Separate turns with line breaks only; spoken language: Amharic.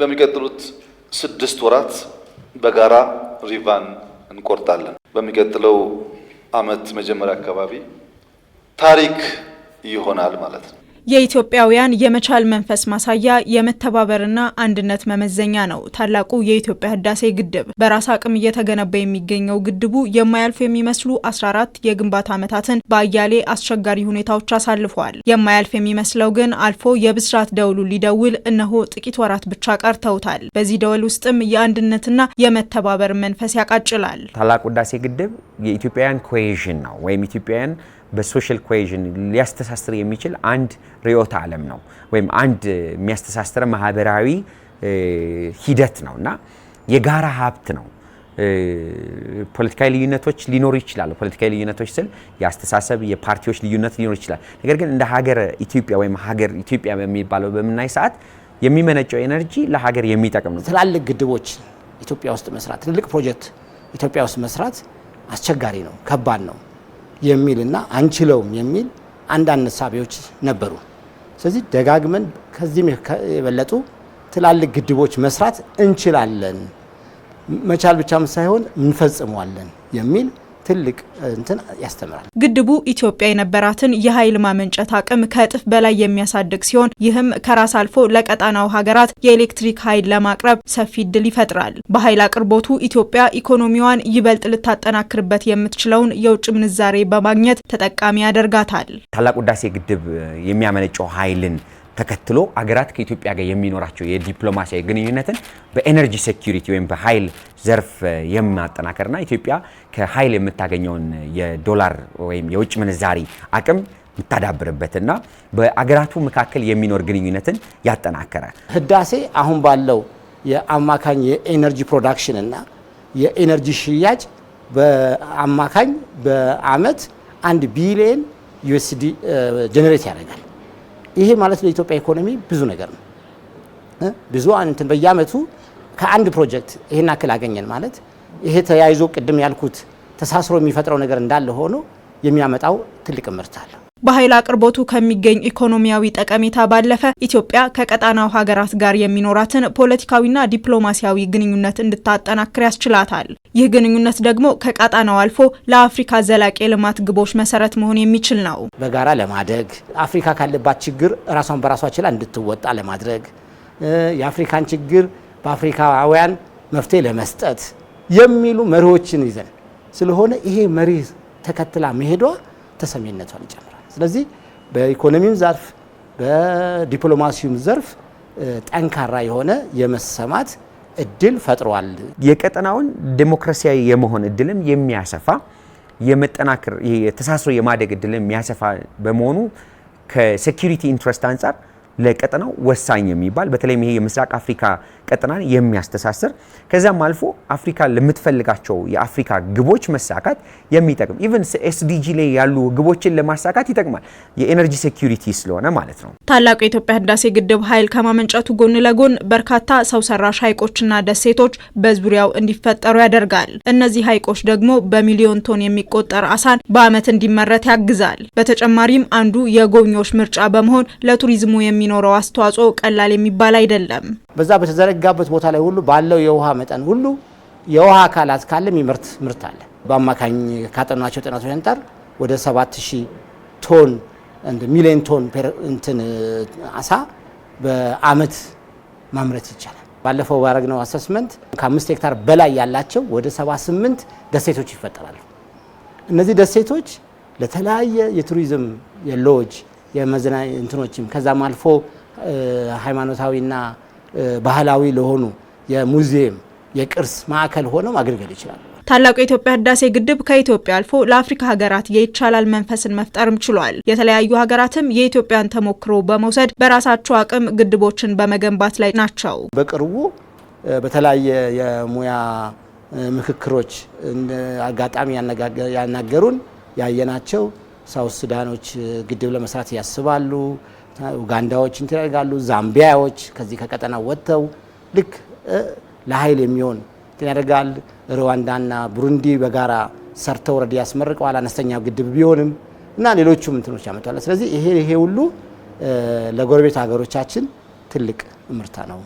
በሚቀጥሉት ስድስት ወራት በጋራ ሪቫን እንቆርጣለን። በሚቀጥለው ዓመት መጀመሪያ አካባቢ ታሪክ ይሆናል ማለት ነው።
የኢትዮጵያውያን የመቻል መንፈስ ማሳያ የመተባበርና አንድነት መመዘኛ ነው ታላቁ የኢትዮጵያ ህዳሴ ግድብ። በራስ አቅም እየተገነባ የሚገኘው ግድቡ የማያልፉ የሚመስሉ 14 የግንባታ ዓመታትን በአያሌ አስቸጋሪ ሁኔታዎች አሳልፏል። የማያልፍ የሚመስለው ግን አልፎ የብስራት ደውሉ ሊደውል እነሆ ጥቂት ወራት ብቻ ቀርተውታል። በዚህ ደወል ውስጥም የአንድነትና የመተባበር መንፈስ ያቃጭላል።
ታላቁ ህዳሴ ግድብ የኢትዮጵያውያን ኮሄዥን ነው ወይም ኢትዮጵያውያን በሶሻል ኮሄዥን ሊያስተሳስር የሚችል አንድ ርዕዮተ ዓለም ነው ወይም አንድ የሚያስተሳስረ ማህበራዊ ሂደት ነው እና የጋራ ሀብት ነው። ፖለቲካዊ ልዩነቶች ሊኖሩ ይችላሉ። ፖለቲካዊ ልዩነቶች ስል የአስተሳሰብ የፓርቲዎች ልዩነት ሊኖር ይችላል። ነገር ግን እንደ ሀገር ኢትዮጵያ ወይም ሀገር ኢትዮጵያ በሚባለው በምናይ ሰዓት የሚመነጨው ኤነርጂ ለሀገር የሚጠቅም ነው።
ትላልቅ ግድቦች ኢትዮጵያ ውስጥ መስራት፣ ትልልቅ ፕሮጀክት ኢትዮጵያ ውስጥ መስራት አስቸጋሪ ነው፣ ከባድ ነው። የሚልና አንችለውም የሚል አንዳንድ ሳቢዎች ነበሩ። ስለዚህ ደጋግመን ከዚህም የበለጡ ትላልቅ ግድቦች መስራት እንችላለን፣ መቻል ብቻም ሳይሆን እንፈጽመዋለን የሚል ትልቅ እንትን ያስተምራል።
ግድቡ ኢትዮጵያ የነበራትን የኃይል ማመንጨት አቅም ከእጥፍ በላይ የሚያሳድግ ሲሆን ይህም ከራስ አልፎ ለቀጣናው ሀገራት የኤሌክትሪክ ኃይል ለማቅረብ ሰፊ እድል ይፈጥራል። በኃይል አቅርቦቱ ኢትዮጵያ ኢኮኖሚዋን ይበልጥ ልታጠናክርበት የምትችለውን የውጭ ምንዛሬ በማግኘት ተጠቃሚ ያደርጋታል።
ታላቁ ህዳሴ ግድብ የሚያመነጨው ኃይልን ተከትሎ አገራት ከኢትዮጵያ ጋር የሚኖራቸው የዲፕሎማሲያዊ ግንኙነትን በኤነርጂ ሴኩሪቲ ወይም በኃይል ዘርፍ የማጠናከርና ኢትዮጵያ ከኃይል የምታገኘውን የዶላር ወይም የውጭ ምንዛሪ አቅም የምታዳብርበትና በአገራቱ መካከል የሚኖር ግንኙነትን ያጠናከረ
ህዳሴ አሁን ባለው የአማካኝ የኤነርጂ ፕሮዳክሽን እና የኤነርጂ ሽያጭ በአማካኝ በአመት አንድ ቢሊየን ዩኤስዲ ጀኔሬት ያደርጋል። ይሄ ማለት ለኢትዮጵያ ኢኮኖሚ ብዙ ነገር ነው። ብዙ እንትን በየአመቱ ከአንድ ፕሮጀክት ይሄን አክል አገኘን ማለት ይሄ ተያይዞ ቅድም ያልኩት ተሳስሮ የሚፈጥረው ነገር እንዳለ ሆኖ የሚያመጣው ትልቅ ምርት አለው።
በኃይል አቅርቦቱ ከሚገኝ ኢኮኖሚያዊ ጠቀሜታ ባለፈ ኢትዮጵያ ከቀጣናው ሀገራት ጋር የሚኖራትን ፖለቲካዊና ዲፕሎማሲያዊ ግንኙነት እንድታጠናክር ያስችላታል። ይህ ግንኙነት ደግሞ ከቀጣናው አልፎ ለአፍሪካ ዘላቂ የልማት ግቦች መሰረት መሆን የሚችል ነው።
በጋራ ለማደግ አፍሪካ ካለባት ችግር ራሷን በራሷ ችላ እንድትወጣ ለማድረግ የአፍሪካን ችግር በአፍሪካውያን መፍትሄ ለመስጠት የሚሉ መሪዎችን ይዘን ስለሆነ ይሄ መሪ ተከትላ መሄዷ ተሰሚነቷን ይጨምራል። ስለዚህ በኢኮኖሚም ዘርፍ በዲፕሎማሲውም ዘርፍ ጠንካራ የሆነ የመሰማት እድል ፈጥሯል።
የቀጠናውን ዴሞክራሲያዊ የመሆን እድልም የሚያሰፋ የመጠናከር ተሳስሮ የማደግ እድልም የሚያሰፋ በመሆኑ ከሴኩሪቲ ኢንትረስት አንጻር ለቀጠናው ወሳኝ የሚባል በተለይም ይሄ የምስራቅ አፍሪካ ቀጠናን የሚያስተሳስር ከዚያም አልፎ አፍሪካ ለምትፈልጋቸው የአፍሪካ ግቦች መሳካት የሚጠቅም ኢቨን ኤስዲጂ ላይ ያሉ ግቦችን ለማሳካት ይጠቅማል። የኤነርጂ ሴኩሪቲ ስለሆነ ማለት ነው።
ታላቁ የኢትዮጵያ ህዳሴ ግድብ ኃይል ከማመንጨቱ ጎን ለጎን በርካታ ሰው ሰራሽ ሐይቆችና ደሴቶች በዙሪያው እንዲፈጠሩ ያደርጋል። እነዚህ ሐይቆች ደግሞ በሚሊዮን ቶን የሚቆጠር አሳን በዓመት እንዲመረት ያግዛል። በተጨማሪም አንዱ የጎብኚዎች ምርጫ በመሆን ለቱሪዝሙ የሚ የሚኖረው አስተዋጽኦ ቀላል የሚባል አይደለም።
በዛ በተዘረጋበት ቦታ ላይ ሁሉ ባለው የውሃ መጠን ሁሉ የውሃ አካላት ካለ የሚመርት ምርት አለ። በአማካኝ ካጠኗቸው ጥናቶች አንጻር ወደ 7000 ቶን ሚሊዮን ቶን እንትን አሳ በአመት ማምረት ይቻላል። ባለፈው ባረግነው አሰስመንት ከአምስት ሄክታር በላይ ያላቸው ወደ 78 ደሴቶች ይፈጠራሉ። እነዚህ ደሴቶች ለተለያየ የቱሪዝም የሎጅ የመዝና እንትኖችም ከዛም አልፎ ሃይማኖታዊና ባህላዊ ለሆኑ የሙዚየም የቅርስ ማዕከል ሆነው ማገልገል ይችላል።
ታላቁ የኢትዮጵያ ህዳሴ ግድብ ከኢትዮጵያ አልፎ ለአፍሪካ ሀገራት የይቻላል መንፈስን መፍጠርም ችሏል። የተለያዩ ሀገራትም የኢትዮጵያን ተሞክሮ በመውሰድ በራሳቸው አቅም ግድቦችን በመገንባት ላይ ናቸው።
በቅርቡ በተለያየ የሙያ ምክክሮች አጋጣሚ ያናገሩን ያየናቸው ሳውት ሱዳኖች ግድብ ለመስራት ያስባሉ። ኡጋንዳዎች እንትን ያደርጋሉ። ዛምቢያዎች ከዚህ ከቀጠና ወጥተው ልክ ለኃይል የሚሆን እንትን ያደርጋል። ሩዋንዳና ቡሩንዲ በጋራ ሰርተው ረድ ያስመርቀዋል። አነስተኛ ግድብ ቢሆንም እና ሌሎቹም እንትኖች ያመጣለ። ስለዚህ ይሄ ይሄ ሁሉ ለጎረቤት ሀገሮቻችን ትልቅ እምርታ ነው።